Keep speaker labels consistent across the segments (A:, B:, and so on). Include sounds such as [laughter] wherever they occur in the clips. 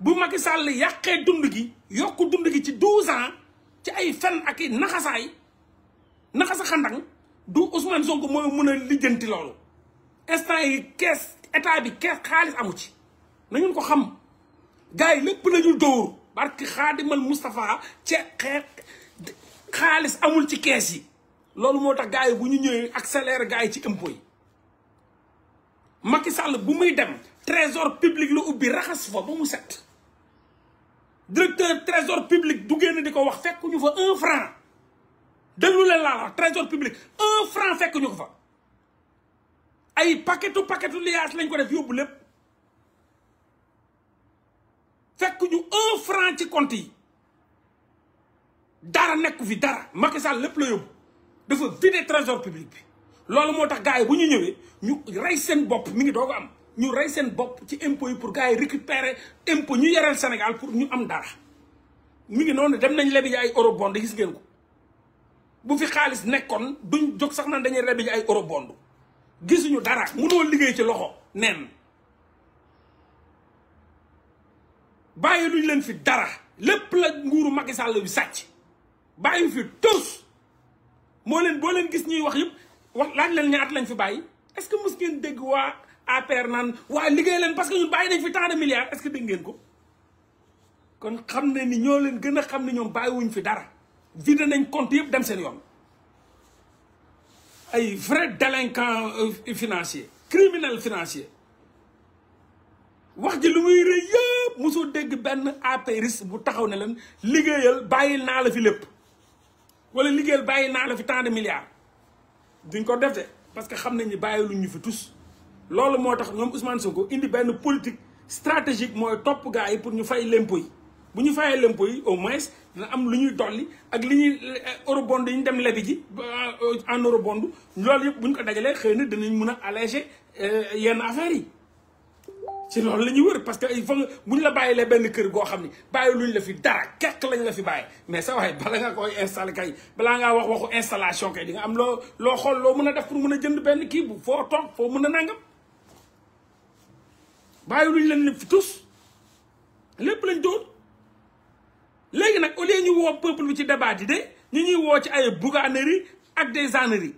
A: bu Macky Sall yàqee dund gi yokk dund gi ci 12 ans ci ay fen ak naxasaay naxasa xandang du Ousmane Sonko mooy mën a lijjanti loolu instant yi kees état bi kees xaalis amu ci nañu ko xam gars yi lépp la ñu dóor barki xaadimal amul ci kees yi loolu moo tax gars bu ñu ñëwee accéléré gars yi ci impôt yi Macky Sall bu muy dem trésor public la ubbi raxas fa ba mu set directeur trésor public du génn di wax fekk ñu fa 1 franc déglu leen laa wax trésor public 1 franc fekk ñu ko fa ay paquetu paquetu liage lañ ko def yóbbu lépp fekk ñu un franc ci compte yi dara nekku fi dara Macky Sall lépp la yóbbu dafa vider trésor public bi loolu moo tax gars bu ñu ñëwee ñu rey seen bopp mi ngi doog am ñu rey seen bopp ci impôts yi pour gars yi récupérer impôts ñu yareel Sénégal pour ñu am dara mu ngi noonu dem nañ lebi ji ay eurobond gis ngeen ko bu fi xaalis nekkoon duñ jog sax naan dañuy lebi ji ay eurobond gisuñu dara mënoo liggéey ci loxo nen bàyyi luñ leen fi dara lépp la nguuru Macky Sall bi sàcc bàyyi fi tous moo leen boo leen gis ñuy wax yëpp wax laaj leen ñaat lañ fi bàyyi est-ce que mos ngeen dégg waa APR naan waa liggéey leen parce que ñun bàyyi nañ fi tant de milliards est-ce que dégg ngeen ko kon xam na ni ñoo leen gën a xam ne ñoom bàyyiwuñ fi dara vide nañ compte yëpp dem seen yoon ay vrai délinquant euh, financier criminel financier wax ji lu muy rëy yëpp mosoo dégg benn apériste bu taxaw ne leen liggéeyal bàyyil naa la fi lépp wala liggéeyal bàyyi naa la fi tant de milliards duñ ko def de parce que xam nañ ni bàyyi ñu fi tous loolu moo tax ñoom Ousmane ko indi benn politique stratégique mooy topp gars yi pour ñu fay lempo yi bu ñu fayee lempo yi au moins dina am lu ñuy dolli ak li ñuy euh, eurobond yi ñu dem lebi ji euh, en eurobond loolu yëpp bu ñu ko dajalee xëy na dinañ mun a alléger euh, yenn affaires yi. ci loolu la ñuy wër parce que il bu ñu la bàyyilee benn kër goo xam ni bàyyi luñ la fi dara kekk lañ la fi bàyyi mais sa waay bala nga koy installé kay balaa ngaa wax waxu installation kay di nga am loo loo xool loo mën a def pour mën a jënd benn kii bu foo toog foo mën nangam. bàyyi luñ leen fi tous lépp lañ dóor léegi nag au lieu ñu woo peuple bi ci debaat yi de ñu ñuy woo ci ay bouganerie ak des âneries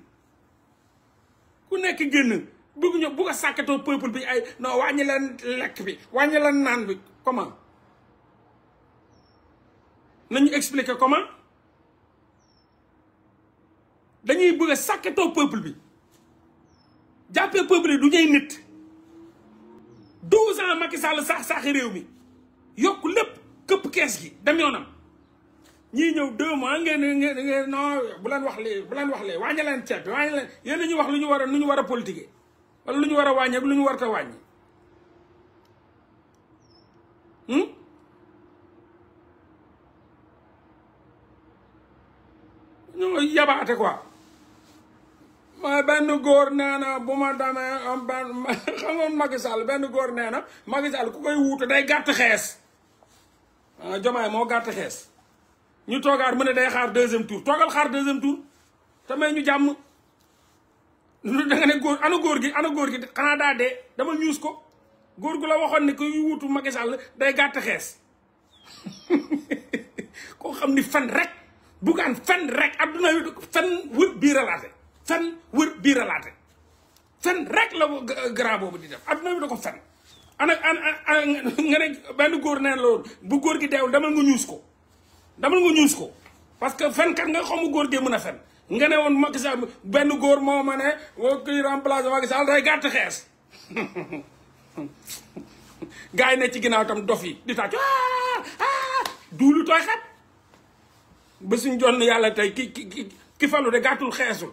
A: ku nekk génn bëgg ñu bëgg a sàkkatoo bi ay non wàññi leen lekk bi wàññi leen naan bi comment nañu expliquer comment dañuy bëgg sàkketoo sàkkatoo bi jàppee peuple yi du ñuy nit douze ans Macky Sall sax saaxi réew mi yokk lépp këpp kees gi dem yoonam ñii ñëw deux mois ngeen ngeen non bu leen wax lee bu leen wax lee wàññi leen ceeb bi wàññi ñu wax lu ñu war a lu ñu war a politique wala lu ñu war a wàññi ak lu ñu war a wàññi. Hmm? ñoo yabaate quoi. ma benn góor nee na bu ma demee am benn [laughs] benn góor nee na Macky Sall ku koy wuutu day gàtt xees ah moo gàtt xees ñu toogaat mu ne day xaar deuxième tour toogal xaar deuxième tour te ñu jàmm [laughs] da nga ne góor ana góor gi ana góor gi xanaa daa dee dama ñuus ko góor gu la waxoon ne kuy wuutu Macky Sall day gàtt xees [laughs] koo xam ni fen rek bugaan fen rek adduna fen wut bii relaté fen wër bii relaté fen rek la grand boobu di def adduna bi da ko fen ana ana benn góor neen loolu bu góor gi deewul demal ma ñuus ko demal ma ñuus ko parce que fenkat nga xamu góor gee mën a fen nga ne woon Macky Sall benn góor moo ma ne woo kuy remplacé Macky Sall day gàtt xees [laughs] gars yi ne ci ginnaaw tam dof yi di tàcc ah, ah, duulu tooy xet ba suñ jonn yàlla tey ki ki ki falu de gàttul xeesul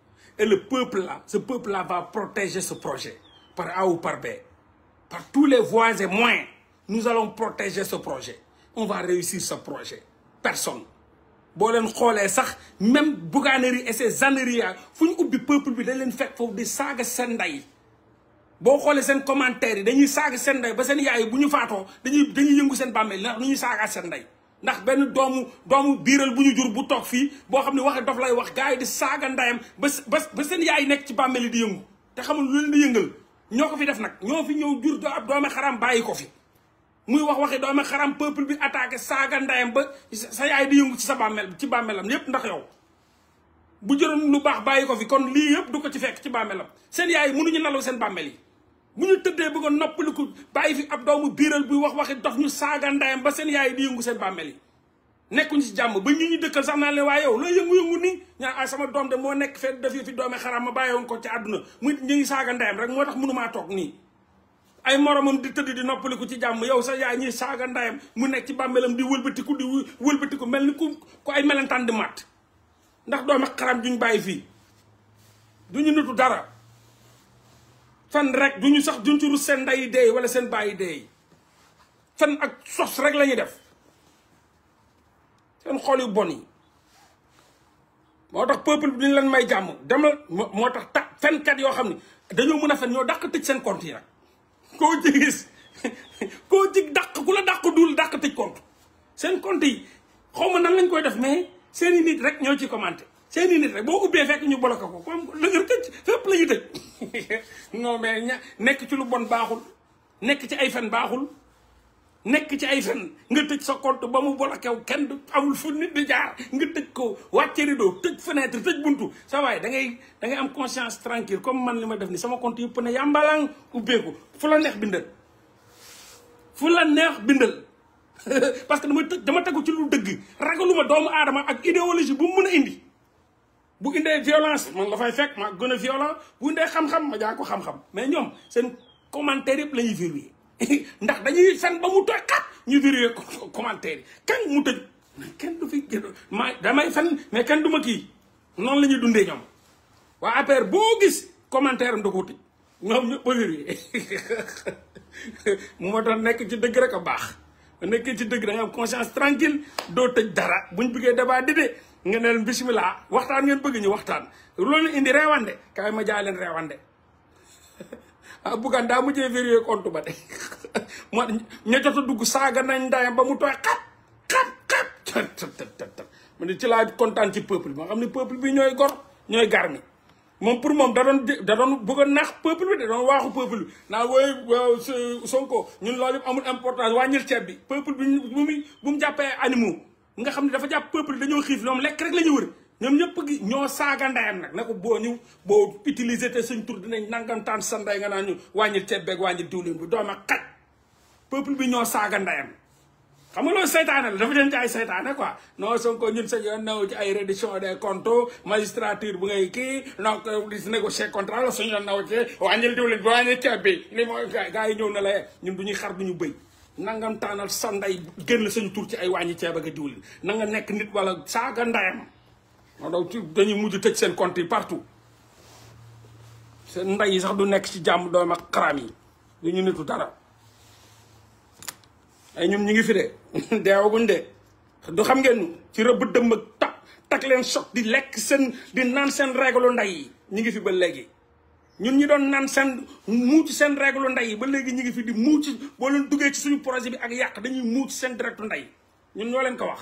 A: Et le peuple-là, ce peuple-là va protéger ce projet, par A ou par B. Par tous les voies et moyens, nous allons protéger ce projet. On va réussir ce projet. Personne. Si vous xoolee sax même Bouganeri et ses âneries fu ñu peuple bi dañ leen fait foofu di saaga seen ndey boo des seen commentaire yi dañuy saaga seen ndey ba des, yaay bu ñu dañuy dañuy yëngu seen ndax benn doomu doomu biiral bu ñu jur bu toog fii boo xam ne waxe dof lay wax gars yi di saaga ndayam ba ba seen nekk ci bàmmeel yi di yëngu te xamul lu leen ñoo ko fi def nag ñoo ñëw jur ab doome xaram bàyyi ko fi muy wax waxi doome xaram peuple bi attaqué saaga ndayam ba sa yaay di yëngu ci sa bàmmeel ci bàmmeelam yépp ndax yow bu jëroon lu baax bàyyi ko fi kon lii yëpp du ko ci fekk ci bàmmeelam seen yaay mënuñu nalaw seen bàmmeel yi mu ñu tëddee bëggoon a noppali ko bàyyi fi ab doomu biiral buy wax waxi dox ñu saagandaayam ba seen yaay di yëngu seen bàmmeel yi nekkuñu ci jàmm ba ñu ñu dëkkal sax naa leen waaye yow looy yëngu-yëngu nii ñaa ah, sama doom de moo nekk fee dafee fi doome ma bàyyi woon ko ci àdduna mu ñu ngi rek moo tax mënumaa toog nii ay moromam di tëdd di noppaliku ci jàmm yow sa yaay ñuy saaga mu nekk ci bàmmeelam di wëlbatiku di wëlbatiku mel ni ku ku ay melentaan di matt ndax doome xaram juñ bàyyi fii duñu nutu dara fen rek du ñu sax duñ ci rus seen nday deey wala seen bàyyi deey fen ak sos rek lañuy def seen xol yu bon yi moo tax peuple bi ñu leen may jàmm demal moo tax ta fenkat yoo xam ne dañoo mën a fen ñoo dàq tëj seen compte yi nag koo ci gis [laughs] koo ci daq ku la dàq dul daq tëj compte seen compte yi xaw ma nan lañ koy def mais seen i nit rek ñoo ci commenté seeni nit rek boo ubbee fekk ñu bloqué ko comme deugur kecc fepp lañu tej tëj non mais nek ci lu bon baxul nek ci ay fen baxul nek ci ay fen nga tej sa compte ba mu bloqué ko kenn du amul fu nit di jaar nga tej ko wacce rido tej fenêtre tej buntu sa way da ngay da ngay am conscience tranquille comme man lima def ni sama compte yëpp ne yàmbalang ko fu la neex bindal fu la neex bindal [laughs] parce que dama tëj dama tegu ci lu deug ragaluma doomu aadama ak idéologie bu mu meuna indi bu indee violence man la fay fekk ma gën a violent bu indee xam-xam ma jaa ko xam-xam mais ñoom seen commentaire yëpp la ñuy verrouillé [laughs] ndax dañuy fen ba mu toj kat ñu verrouillé yi kan mu tëj kenn du fi ma damay fen mais kenn du ma kii noonu la ñuy dundee ñoom waa APR boo gis commentaire am da ko tëj ñoom ñëpp a verrouillé [laughs] mu ma doon nekk ci dëgg rek a baax nekk ci dëgg da nga am conscience tranquille doo tëj dara buñ buggee débat dide nga neul bismillah waxtan ngeen bëgg ñu waxtan loolu indi reewande kay ma jaalen leen reewande [laughs] ah buggaan daa mujjee vérifier compte ba dé mo ñu jottu dugg saga nañ ndayam ba mu toy xat xat xat mo ni ci laa contane ci peuple ma xamni peuple bi ñoy gor ñoy garmi mom pour mom da doon da doon bëgg nax peuple bi da doon waxu peuple na way sonko ñun loolu amul importance wàññil ciëb bi peuple bi bu mu jappé animaux nga xam ne dafa jàpp peuple dañoo xiif ñoom lekk rek la ñu wër ñoom ñëpp ñoo saaga ndayam nag ne ko boo ñu boo utiliser te suñ tur dinañ nangam tànn sa nday nga naan ñu wàññil ceeb beeg wàññil diwlin bi doom ak xaj peuple bi ñoo saaga ndayam xam nga loolu seytaane la dafa dem ci ay seytaane quoi non Sonko ñun sa yoon naw ci ay reddition des comptes bu ngay kii donc di négocier contrat la suñu yoon naw ci wàññil diwlin bi wàññil ceeb bi li mooy gars yi ñëw na la ñun bu ñuy xar du ñu bëy nangam tanal sanday genn ndey tour ci ay wàññi ci baga diwul na nga nit wala saaga ndayam ma daw ci dañuy muju tëj sen compte partout sen nday sax du nek ci jamm do ma xaraam yi du ñu nitu dara ay ñum ñi ngi fi de [laughs] deewaguñ de du xam ngeen ci tak tak len choc di lek sen di nan sen règle ndey ngi fi ba ñun ñu doon naan seen muuc seen réglu ndey ba léegi ñu ngi fi di muuc boo leen duggee ci suñu projet bi ak yàq dañuy muuc seen directu ndey ñun ñoo leen ko wax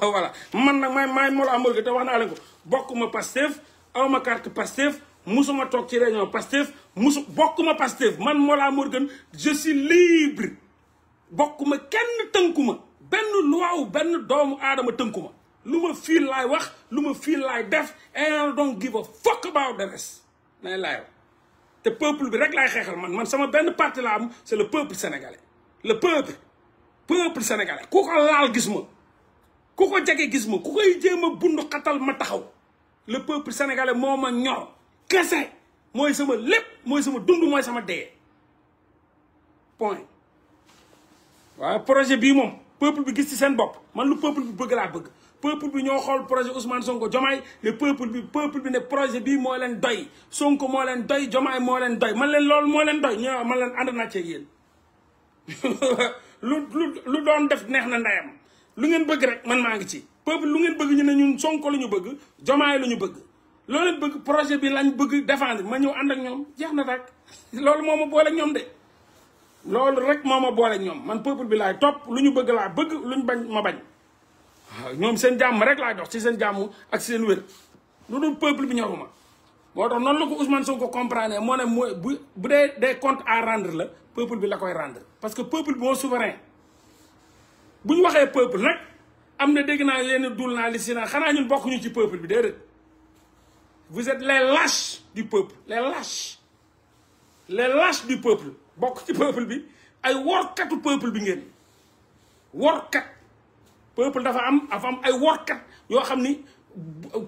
A: [laughs] voilà man nag may maay Mollah Morgun te wax naa leen ko bokkuma Pastef awma carte Pastef musuma toog ci réunion Pastef musu bokkuma Pastef man Mollah Morgun je suis libre ma kenn ma benn lu waaw benn doomu aadama tënkuma lu ma fii laay wax lu ma fii laay def and I don't give a fuck about the rest nay laayoo te peuple bi rek laay xeexal man man sama benn parti la am c'est le peuple sénégalais le peuple peuple sénégalais ku ko laal gis ma ku ko jege gis ma ku koy jéem a bund xatal ma taxaw le peuple sénégalais moo ma ñor kese mooy sama lépp mooy sama dund mooy sama dee point waaye projet bii moom peuple bi gis ci seen bopp man lu peuple bi bëgg laa bëgg peuple bi ñoo xool projet Ousmane Sonko Jomaay le peuple bi peuple bi ne projet bii moo leen doy Sonko moo leen doy Jomaay moo leen doy man leen loolu moo leen doy ñoo man leen ànd naa ci yéen [laughs] doon def neex na ndeyam lu ngeen bëgg rek man maa ngi ci peuple lu ngeen ñu ne ñun Sonko la ñu bëgg Jomaay la ñu bëgg loolu bëgg projet bi lañ bëgg défendre ma ñëw ànd ak ñoom jeex na rek [laughs] loolu moo ma boole ñoom de loolu rek moo ma boole ñoom man peuple bi laay topp lu ñu bëgg laa bëgg lu ñu bañ ma bañ Nous sommes seen gens rek laay la ci seen Nous ak seen wér lu dul peuple bi ñoruma nous tax noonu la comprendre ne bu des comptes à rendre le peuple bi la rendre parce que peuple est souverain nous peuple des gens dégg dul ci peuple vous êtes les lâches du peuple les lâches les lâches du peuple du peuple bi ay un peuple bi peuple dafa am dafa am ay workat yoo xam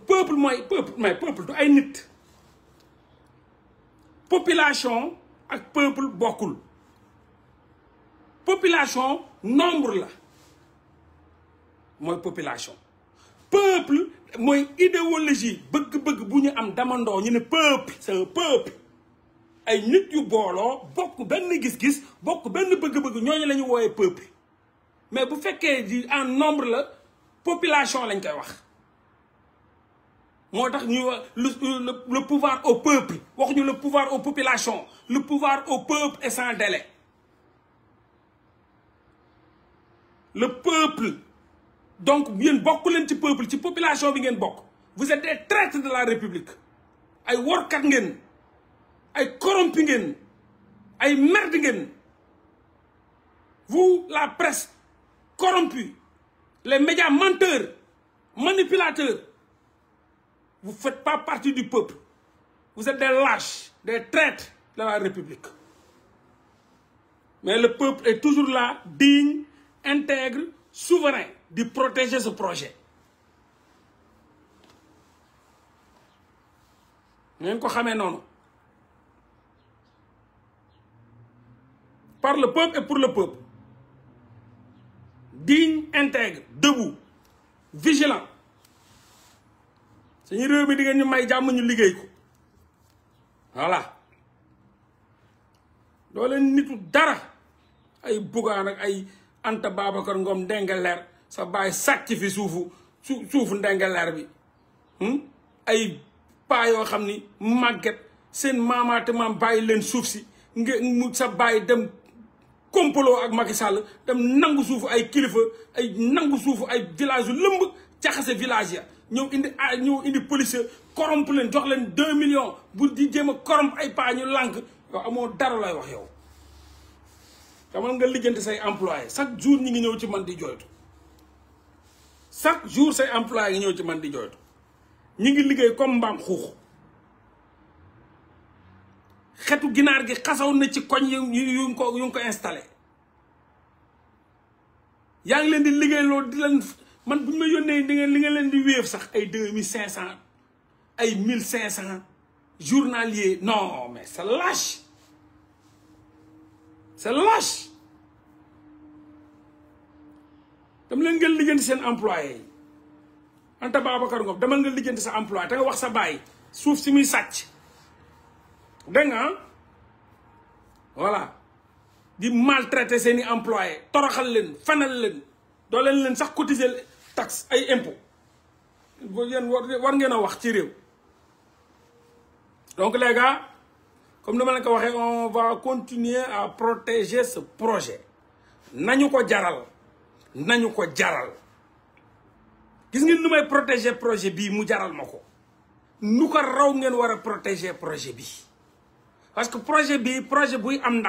A: peuple moy peuple mais peuple du ay nit population ak peuple bokul population nombre la moy population peuple moy idéologie bëgg-bëgg bu ñu am damando ñu ne peuple c'est un peuple ay nit yu bolo bokku ben gis-gis bokku ben bëgg-bëgg ñooñu la ñu wooyee peuple mais vous faites di nombre de population lañ koy wax le pouvoir au peuple le pouvoir aux populations le pouvoir au peuple est sans délai le peuple donc vous avez leen ci peuple de population vous êtes des traîtres de la république ay workat ngène, ay corrompu ngène, ay merde ngène. vous la presse corrompus, les médias menteurs, manipulateurs, vous ne faites pas partie du peuple. Vous êtes des lâches, des traîtres de la République. Mais le peuple est toujours là, digne, intègre, souverain, de protéger ce projet. Par le peuple et pour le peuple. digne intègre debout vigilant suñu réew mi di ngeen ñu may jàmm ñu liggéey ko voilà doo anta babacar ngom ndengaleer sa baay sàcc fi bi hmm? ay paa yoo xam ni màgget seen maamaate maam bàyyi leen suuf si dem kompaloo ak Macky Sall dem nangu suufu ay kilifa ay nangu suufu ay village yu lëmb jaxase village ya ñëw indi a ah, ñëw indi policier koromp leen jox leen deux millions bu di jéem a corrompre ay paa ñu lànk yow amoo dara lay wax yow dama nga liggante say employé chaque jour ñu ngi ñëw ci man di jooytu chaque jour say employé ngi ñëw ci man di jooytu ñu ngi liggéey comme mbaam xuux xetu ginaar gi xasaw na ci koñ yu yu ko yu ngi ko installé yaa ngi leen di liggéeyloo di leen man bu ñu ma yónnee di li nga leen di wéef sax ay deux mille cinq cent ay mille cinq cent journalier non mais c'est lâche c'est lâche dama leen ngeen lijjanti seen employé yi Anta Babacar Ngom dama nga lijjanti sa employé te nga wax sa baay suuf si muy sàcc dégg voilà di maltraiter seeni employé toroxal len fanal len doo len leen sax cotiser taxe ay impôt boo yéen war war ngeen wax ci donc les gars comme ni ma ko on va continuer à protéger ce projet nañu ko jaral nañu ko jaral gis ngeen nu may protéger projet bi mu jaral moko. ko nu ko raw ngeen protéger projet bi parce que projet projet buy am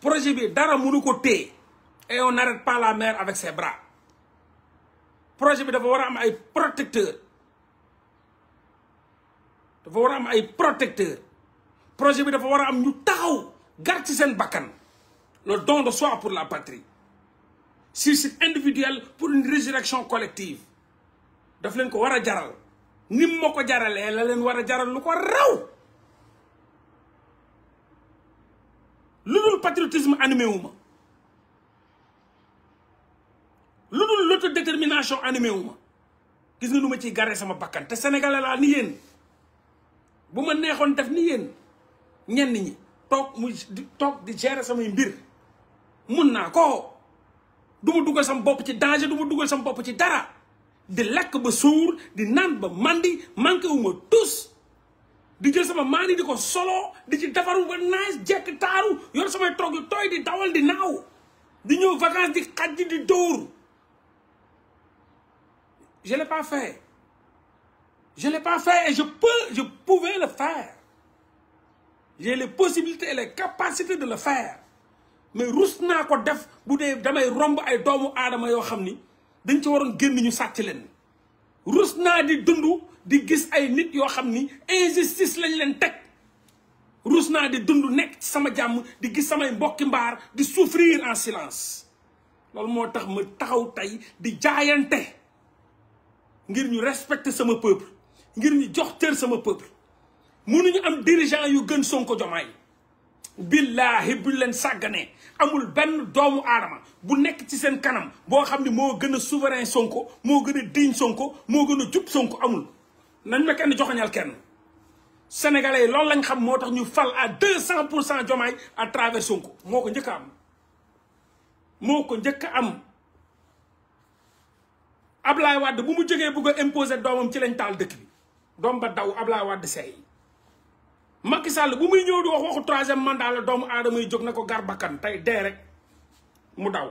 A: projet B dara projet, ko et on n'arrête pas la mer avec ses bras projet B dafa war protecteur projet B dafa le don de soi pour la patrie c'est individuel pour une résurrection collective daf leen ko jaral jaral Ludul patriotisme animé humain. ma détermination détermination. l'autodétermination animé wu ma gis nga ma sama bakkan te sénégalais ni bu ma def ni ñenn ñi di gérer mbir ko du ma sama bopp ci danger ma dara De mandi manque tous di jël sama maan di ko solo di ci defaru ba nice jekk taaru yor sama toog yu tooy di dawal di naaw di ñëw vacances di xaj di dóor je l'ai pas fait je l'ai pas fait et je peux je pouvais le faire j'ai les possibilités et les capacités de le faire mais rus naa ko def bu dee damay romb ay doomu aadama yoo xam ni dañ ci waroon génn ñu sàcc leen rus naa di dund di gis ay nit yoo xam ni injustice lañ leen teg ruus naa di dund nekk ci sama jàmm di gis samay mbokki mbaar di souffrir en silence loolu moo tax ma taxaw tey di jaayante ngir ñu respecter sama peuple ngir ñu jox tër sama peuple mënuñu am dirigeant yu gën Sonko Jomaay billaahi bu leen sàgganee amul benn doomu aadama bu nekk ci seen kanam boo xam ne moo gën a souverain Sonko moo gën a digne Sonko moo gën a jub Sonko amul nañ ma kenn joxoñal kenn sénégalais yi loolu lañ xam moo tax ñu fal à deux cent pour cent jomaay à travers sunk moo ko njëkk am moo ko njëkk a am Ablaye Wade bu mu jógee bugg a doomam ci lañ taal dëkk bi doom ba daw Ablaye Wade seey Macky Sall bu muy ñëw di wax waxu troisième mandat doomu aadama yi jóg na ko garbakan tey dee rek mu daw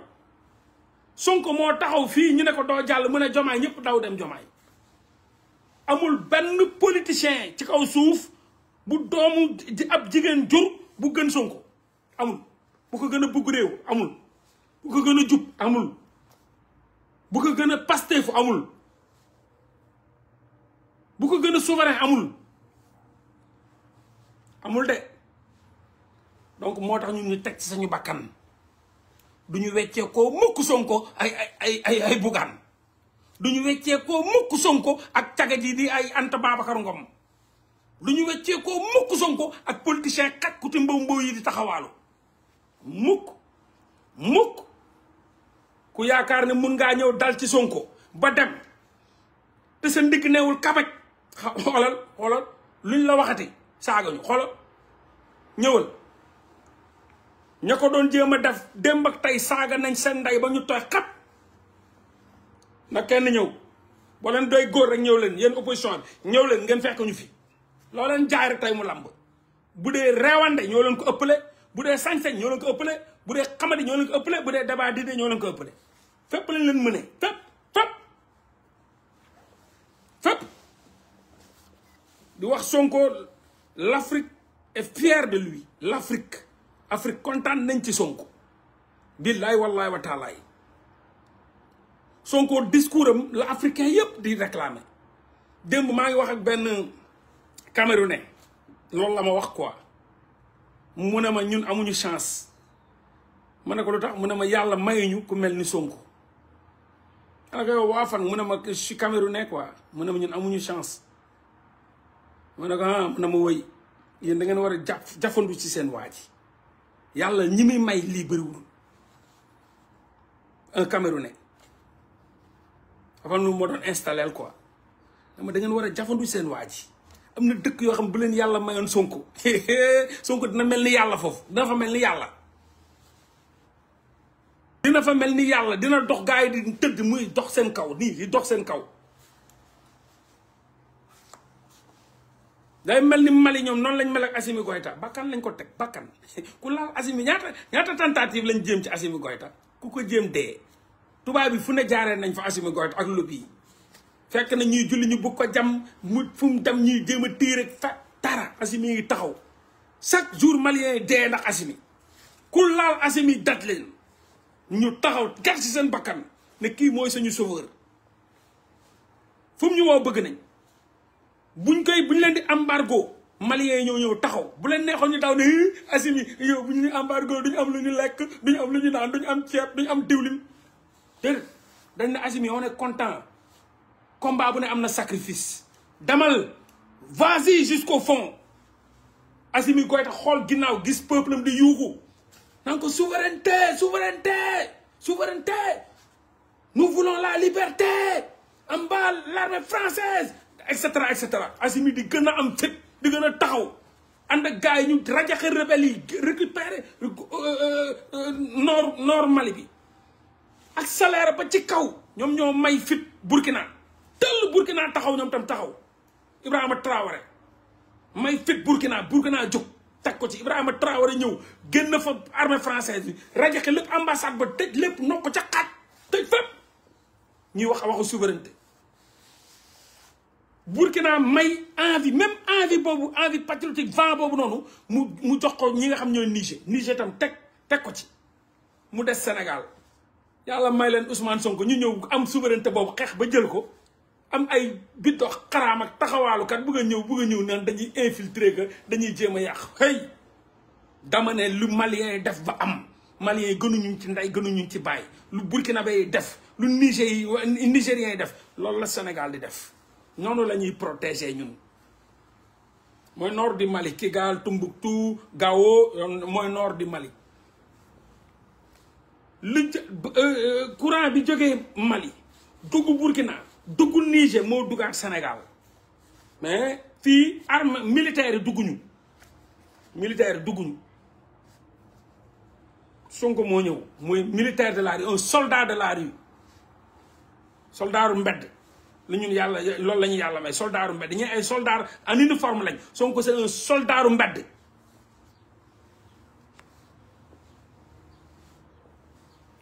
A: Sonko moo taxaw fii ñu ne ko doo jàll mu a jomaay ñëpp daw dem jomaay amul benn politicien ci kaw suuf bu doomu ab jigéen jur bu gën Sonko amul bu ko gën a bugg réew amul bu ko gën a jub amul bu ko gën a fu amul bu ko gën a souverain amul amul de donc moo tax ñun ñu teg ci sañu bakkan du ñu weccee koo mukk Sonko ay ay ay ay duñu weccee koo mukk sonko ak caga ji di ay Anta Babacar Ngom du ñu weccee koo mukk sonko ak politicien xaj ku ti mbaw mbaw yi di taxawaalu mukk mukk ku yaakaar ne mun ngaa ñëw dal ci sonko ba dem te sa ndikk neewul kabaj xoolal xoolal luñ la waxati saaga ñu xoolal ñëwal ña ko doon jéem a def démb ak tey saaga nañ seen ndey ba ñu tooy xat na kenn ñëw boo leen doy góor rek ñëw leen yéen opposition bi ñëw leen ngeen fekk ñu fi loo leen jaay rek tey mu làmb bu dee reewande ñoo leen ko ëpple bu dee sañ-sañ ñoo leen ko ëppale bu dee xamadi ñoo leen ko ëppale bu dee débat d'idées ñoo leen ko ëppale fépp lañ leen mëne fépp fépp fépp di wax Sonko l'Afrique est fière de lui l'Afrique Afrique kontaan nañ ci Sonko billaay wallaay wa taalaay Sonko discours am la africain yëpp di réclamer démb maa ngi wax ak benn camerounais loolu la ma wax quoi mu ne ma ñun amuñu chance ma ne ko tax mu ne ma yàlla mayuñu ku mel ni Sonko ana ko waa fan mu ne ma je suis camerounais quoi mu ne ma ñun amuñu chance ma ne ko ah mu ne ma wëy yéen da ngeen war a jàpp jafandu ci seen waa yàlla ñi muy may lii bëriwul un camerounais dafa nu moo doon installé ko dama dangeen war a jafandu seen waaj am na dëkk yoo xam bu leen yàlla mayoon sonko [laughs] sonko dina mel ni yàlla foofu dina fa mel ni yàlla dina fa mel ni yàlla dina dox gars yi di tëdd muy dox seen kaw nii di dox seen kaw day mel ni Mali ñoom noonu lañ mel ak Assimi Goïta bakkan lañ ko teg bakkan [laughs] ku laal Assimi ñaata ñaata tentative lañ jéem ci Assimi Goïta ku ko jéem dee tubaab bi fu ne jaaree nañ fa Assimi Goïta ak lobby bii fekk na ñuy julli ñu bugg ko jam mu fu mu dem ñuy jéem a téer ak fa tara Assimi ngi taxaw chaque jour malien yi dee ndax Assimi ku laal Assimi dat leen ñu taxaw gar ci seen bakkan ne kii mooy suñu sauveur fu mu ñu woo bëgg nañ buñ koy buñ leen di embargo malien yi ñoo ñëw taxaw bu leen neexoon ñu taw ne Assimi yow bu ñu embargo duñ am lu ñu lekk duñ am lu ñu naan duñ am ceeb duñ am diwlin dañ on est content combat bu amna un sacrifice Damal, vas-y jusqu'au fond Assimi Goïta xool ginnaaw gis peuple de Yugo. Donc, souveraineté souveraineté souveraineté nous voulons la liberté en bas l'armée française etc. etc. et cetera un di gën tao. am fit di gën a taxaw ànd ak ñu récupérer nord euh, euh, euh, nord Mali ak salaire ba ci kaw ñoom ñoo may fit Burkina tëll Burkina taxaw ñoom tam taxaw Ibrahima Traoré may fit Burkina Burkina jóg teg ko ci a Traoré ñëw génn fa armée française bi rajaxe lépp ambassade ba tëj lépp nokk ko ca xaaj tëj fépp ñuy wax waxu souveraineté Burkina may envie même envie boobu envie patriotique vent boobu noonu mu mu jox ko ñi nga xam ñooy Niger Niger tam teg teg ko ci mu des Sénégal yalla may len Ousmane Sonko ñu ñew am souveraineté bobu xex ba jël ko am ay biddo xaraam ak kat bëgg a ñëw bëgg a ñëw naan dañuy infiltrer que dañuy jema yaax hey dama ne lu malien def ba am malien gënu ñu ci gënu ñu ci bay lu burkina bay def lu niger yi nigérien def loolu la senegal di def nonu lañuy protéger ñun moy nord du Mali Kigal tumbuktu Gao moy nord du Mali li euh, euh, courant bi jógee Mali dugg Burkina dugg Niger moo duggaat Sénégal mais fii arme militaire dugguñu militaire dugguñu Sonko moo ñëw mooy militaire de la rue un soldat de la rue soldaaru mbedd la ñun yàlla loolu la ñu yàlla may soldaaru mbedd ñu ay soldaar en uniforme lañ Sonko c'est un soldaaru mbedd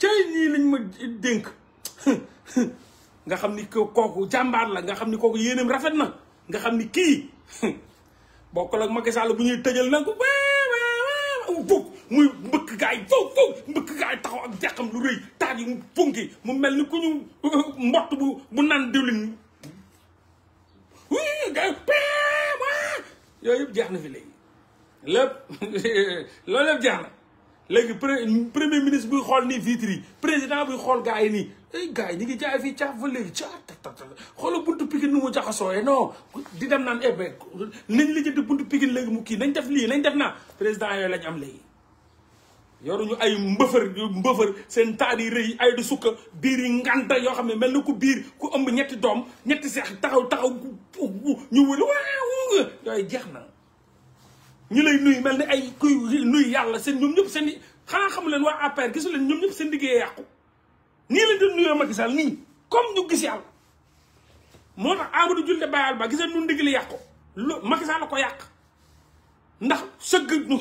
A: cay ñii lañ ma dénk nga xam ni kooku jàmbaar la nga xam ni kooku yéeneem rafet na nga xam ni kii bokkul ak Macky Sall bu ñuy tëjal nag ko muy mbëkk gaay foofu foofu mbëkk gaay taxaw ak jàqam lu mu mel ni ku mbott bu bu naan diwlin yooyu yëpp jeex na fi léegi lépp [laughs] loolu yëpp jeex na léegi premier ministre buy xool nii vitre yi président buy xool gaa yi nii eh, ay yi ñu ngi jaay fii caaf ba léegi caaf ta ta xoolal buntu Pikine nu mu jaxasooyee non di dem naan ebe eh, nañ la jënd buntu Pikine léegi mu kii nañ def lii nañ def naa président yooyu lañ am léegi yoruñu ay mbëfër mbëfër seen taar yi rëy ay du sukka biir yi nganta yoo xam ne mel na ku biir ku ëmb ñetti doom ñetti seex taxaw taxaw ñu wër waaw yooyu jeex na ñu lay nuyu mel ni ay kuy nuyu yàlla seen ñoom ñëpp seen xanaa xamu leen waa APR gisu leen ñoom ñëpp seen liggéey yàqu nii leen di nuyoo Macky nii comme ñu gis yàlla moo tax Amadou Julde Bayal Ba giseen nu yàqu lo Macky Sall yàq ndax sëgg nu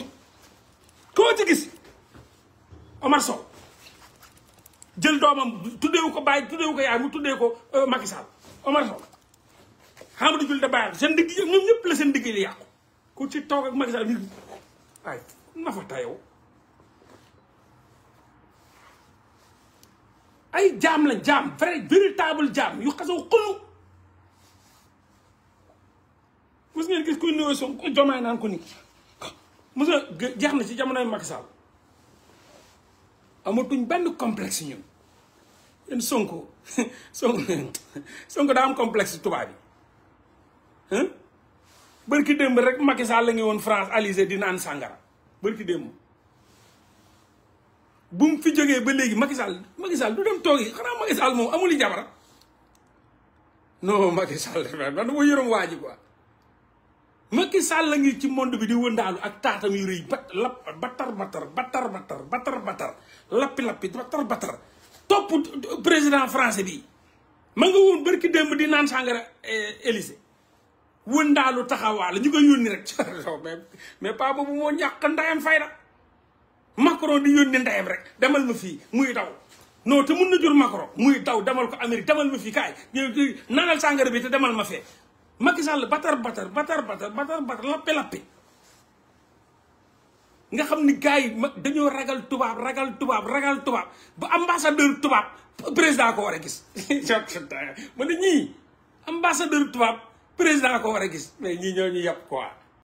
A: ci gis Omar Sow jël doomam tuddeewu ko bàyyi tuddeewu ko yaay mu tuddee ko euh, Macky Sall Omar Sow Amadou Julde seen digg ñoom ñëpp la seen digg yàqu ku ci toog ak Macky Sall ay nafa tayow ay jaam lañ jaam vrai jaam yu xasaw xulu mos ngeen gis kuy nuyoo Sonko jomaay naan ko ni mos na na ci jamonoy Macky Sall amatuñ benn complexe ñun yéen Sonko [laughs] Sonko Sonko am complexe tubaab yi barki demb rek Macky Sall ngi won France Alizé di nan sangara barki demb bu mu fi joge ba léegi Macky Sall Macky Sall du dem togi xana Macky Sall moom amul jabara non Macky Sall man dama yeurum waji quoi Macky Sall ngi ci monde bi di wëndaalu ak tatam yu reuy bat lap batar batar batar batar batar batar lap lap batar batar top eh, président français bi ma nga won barki démb di nan sangara eh, Élysée wëndaalu taxawaale ñu koy yónni rek [laughs] mais pas boobu moo ñàkk ndayam fayda Macron di yónni ndayam rek demal ma fii muy daw non te mun na jur Macron muy daw demal ko Amérique demal ma fii kaay nanal sàngara bi te demal ma fee Macky Sall batar batar batar batar batar batar lappe lappe nga xam ni gars yi dañoo ragal tubaab ragal tubaab ragal tubaab ba ambassadeur tubaab président ko war a gis [laughs] ma ne ñii ambassadeur tubaab président ko war a gis mais ñii ñoo ñu yàpp quoi